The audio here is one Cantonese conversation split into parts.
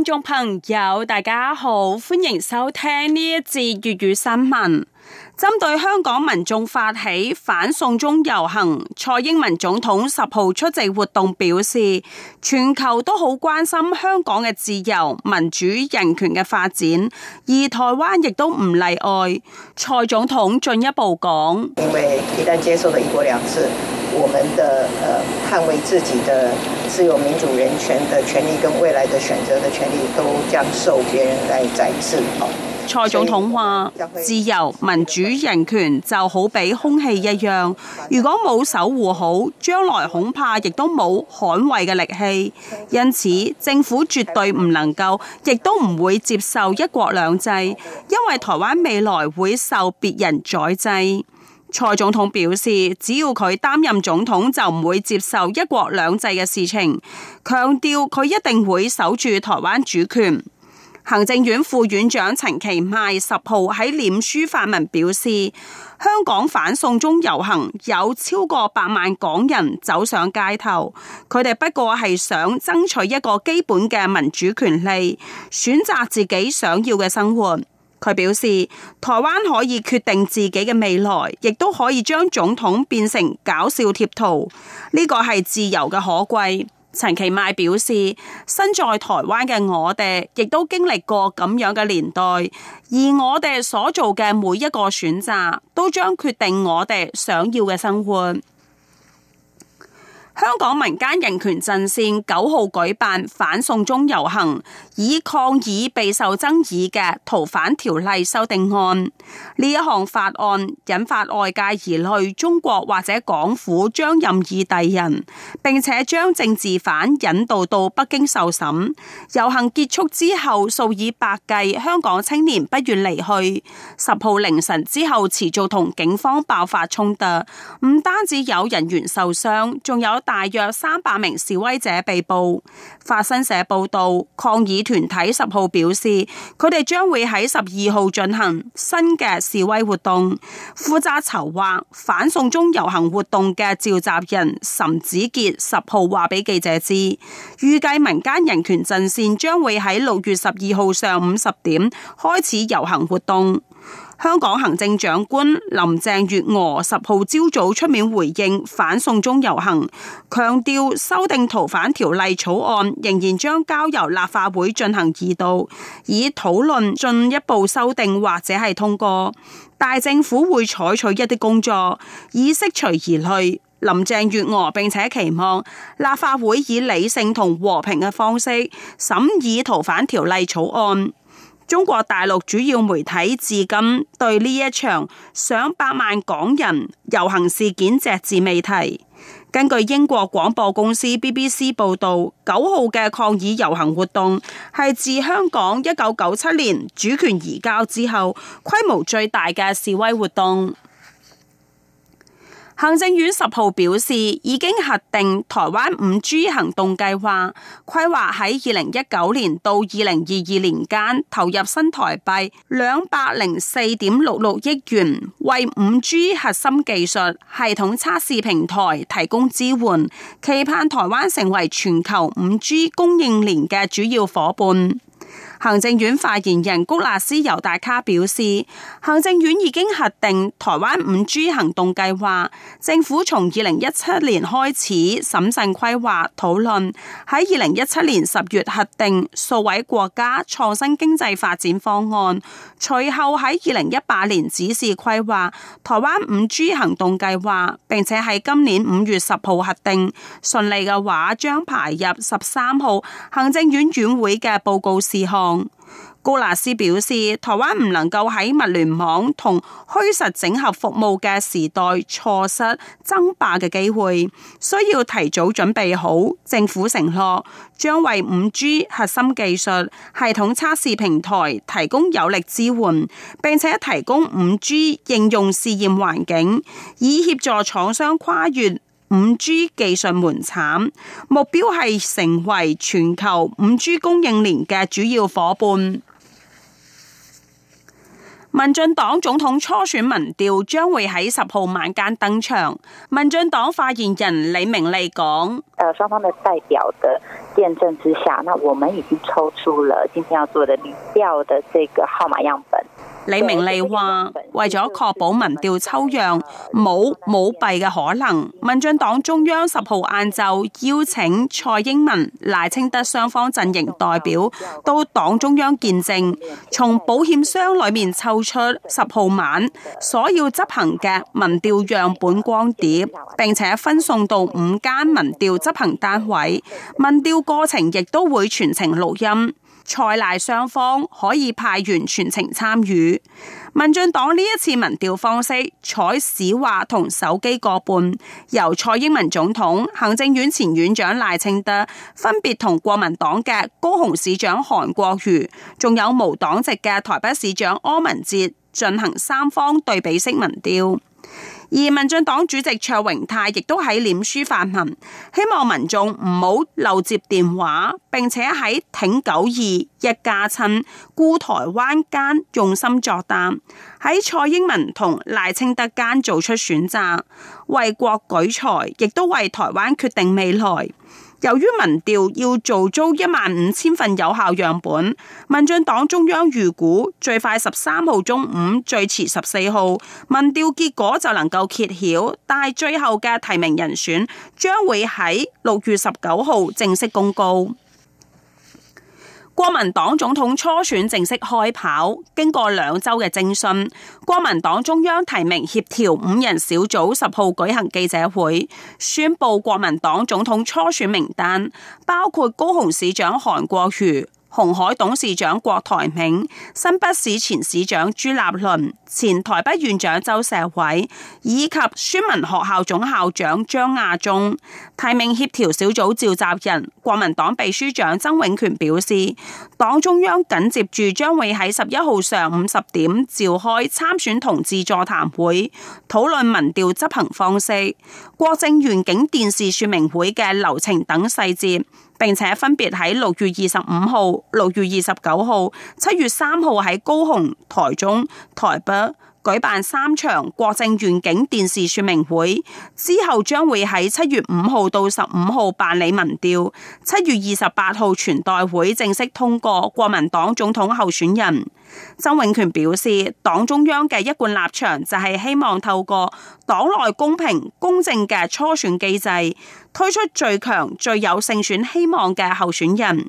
聽眾朋友，大家好，歡迎收聽呢一節粵語新聞。針對香港民眾發起反送中遊行，蔡英文總統十號出席活動，表示全球都好關心香港嘅自由、民主、人權嘅發展，而台灣亦都唔例外。蔡總統進一步講，因為一旦接受咗一國兩制，我們的呃捍衛自己的自由、民主、人權的權利跟未來的選擇的權利，都將受別人來宰制。蔡總統話：自由、民主、人權就好比空氣一樣，如果冇守護好，將來恐怕亦都冇捍衛嘅力氣。因此，政府絕對唔能夠，亦都唔會接受一國兩制，因為台灣未來會受別人宰制。蔡總統表示，只要佢擔任總統，就唔會接受一國兩制嘅事情，強調佢一定會守住台灣主權。行政院副院長陳其邁十號喺臉書發文表示，香港反送中遊行有超過百萬港人走上街頭，佢哋不過係想爭取一個基本嘅民主權利，選擇自己想要嘅生活。佢表示，台灣可以決定自己嘅未來，亦都可以將總統變成搞笑貼圖，呢個係自由嘅可貴。陳其邁表示，身在台灣嘅我哋，亦都經歷過咁樣嘅年代，而我哋所做嘅每一個選擇，都將決定我哋想要嘅生活。香港民間人權陣線九號舉辦反送中遊行，以抗議備受爭議嘅逃犯條例修訂案。呢一項法案引發外界疑慮，中國或者港府將任意逮人，並且將政治犯引渡到北京受審。遊行結束之後，數以百計香港青年不願離去。十號凌晨之後，持續同警方爆發衝突，唔單止有人員受傷，仲有。大約三百名示威者被捕。法新社報道，抗議團體十號表示，佢哋將會喺十二號進行新嘅示威活動。負責籌劃反送中遊行活動嘅召集人岑子杰十號話俾記者知，預計民間人權陣線將會喺六月十二號上午十點開始遊行活動。香港行政長官林鄭月娥十號朝早出面回應反送中遊行，強調修訂逃犯條例草案仍然將交由立法會進行二讀，以討論進一步修訂或者係通過。大政府會採取一啲工作以適隨而去。林鄭月娥並且期望立法會以理性同和，和平嘅方式審議逃犯條例草案。中國大陸主要媒體至今對呢一場上百萬港人遊行事件只字未提。根據英國廣播公司 BBC 報道，九號嘅抗議遊行活動係自香港一九九七年主權移交之後規模最大嘅示威活動。行政院十號表示，已經核定台灣五 G 行動計劃，規劃喺二零一九年到二零二二年間投入新台幣兩百零四點六六億元，為五 G 核心技術系統測試平台提供支援，期盼台灣成為全球五 G 供應鏈嘅主要伙伴。行政院發言人谷辣斯尤達卡表示，行政院已經核定台灣五 G 行動計劃，政府從二零一七年開始審慎規劃討論，喺二零一七年十月核定數位國家創新經濟發展方案，隨後喺二零一八年指示規劃台灣五 G 行動計劃，並且喺今年五月十號核定，順利嘅話將排入十三號行政院院會嘅報告事項。高拿斯表示，台灣唔能夠喺物聯網同虛實整合服務嘅時代錯失爭霸嘅機會，需要提早準備好。政府承諾將為五 G 核心技術系統測試平台提供有力支援，並且提供五 G 應用試驗環境，以協助廠商跨越。五 G 技術門檻，目標係成為全球五 G 供應鏈嘅主要夥伴。民進黨總統初選民調將會喺十號晚間登場。民進黨發言人李明利講，誒，雙方嘅代表嘅見證之下，那我們已經抽出了今天要做的民調的這個號碼樣本。李明利話：為咗確保民調抽樣冇舞弊嘅可能，民進黨中央十號晏晝邀請蔡英文、賴清德雙方陣營代表到黨中央見證，從保險箱裏面抽出十號晚所要執行嘅民調樣本光碟，並且分送到五間民調執行單位，民調過程亦都會全程錄音。蔡賴雙方可以派員全程參與。民進黨呢一次民調方式採市話同手機各半，由蔡英文總統、行政院前院長賴清德分別同國民黨嘅高雄市長韓國瑜，仲有無黨籍嘅台北市長柯文哲進行三方對比式民調。而民進黨主席卓榮泰亦都喺臉書發文，希望民眾唔好漏接電話，並且喺挺九二、一家親、顧台灣間用心作答，喺蔡英文同賴清德間做出選擇，為國舉才，亦都為台灣決定未來。由於民調要做足一萬五千份有效樣本，民進黨中央預估最快十三號中午，最遲十四號，民調結果就能夠揭曉，但係最後嘅提名人選將會喺六月十九號正式公告。國民黨總統初選正式開跑，經過兩週嘅徵詢，國民黨中央提名協調五人小組十號舉行記者會，宣佈國民黨總統初選名單，包括高雄市長韓國瑜。鴻海董事長郭台銘、新北市前市長朱立倫、前台北縣長周錫瑋以及孫文學校總校長張亞中，提名協調小組召集人，國民黨祕書長曾永權表示，黨中央緊接住將會喺十一號上午十點召開參選同志座談會，討論民調執行方式、國政願景電視說明會嘅流程等細節。並且分別喺六月二十五號、六月二十九號、七月三號喺高雄、台中、台北，舉辦三場國政願景電視說明會之後，將會喺七月五號到十五號辦理民調。七月二十八號全代會正式通過國民黨總統候選人。曾永權表示，黨中央嘅一貫立場就係希望透過黨內公平公正嘅初選機制，推出最強最有勝選希望嘅候選人。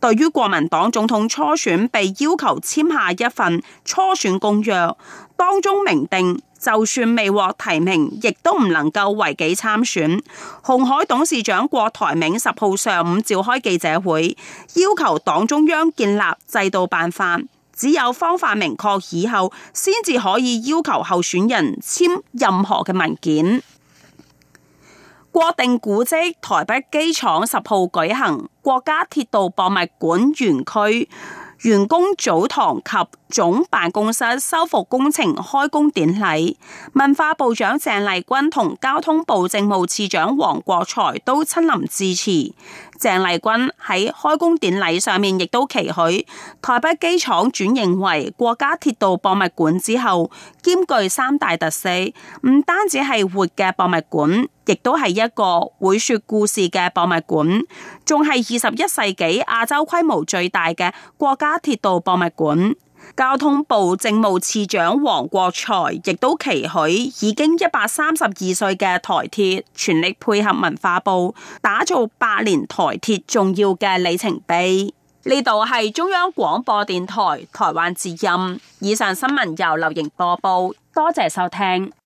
對於國民黨總統初選被要求簽下一份初選公約。當中明定，就算未獲提名，亦都唔能夠違紀參選。鴻海董事長郭台銘十號上午召開記者會，要求黨中央建立制度辦法，只有方法明確以後，先至可以要求候選人簽任何嘅文件。國定古蹟台北機廠十號舉行國家鐵道博物館園區，員工澡堂及總辦公室修復工程開工典禮，文化部長鄭麗君同交通部政務次長王國財都親臨致辭。鄭麗君喺開工典禮上面亦都期許，台北機廠轉型為國家鐵道博物館之後，兼具三大特色，唔單止係活嘅博物館。亦都係一個會說故事嘅博物館，仲係二十一世紀亞洲規模最大嘅國家鐵道博物館。交通部政務次長王國材亦都期許，已經一百三十二歲嘅台鐵全力配合文化部，打造百年台鐵重要嘅里程碑。呢度係中央廣播電台台灣之音，以上新聞由劉瑩播報，多謝收聽。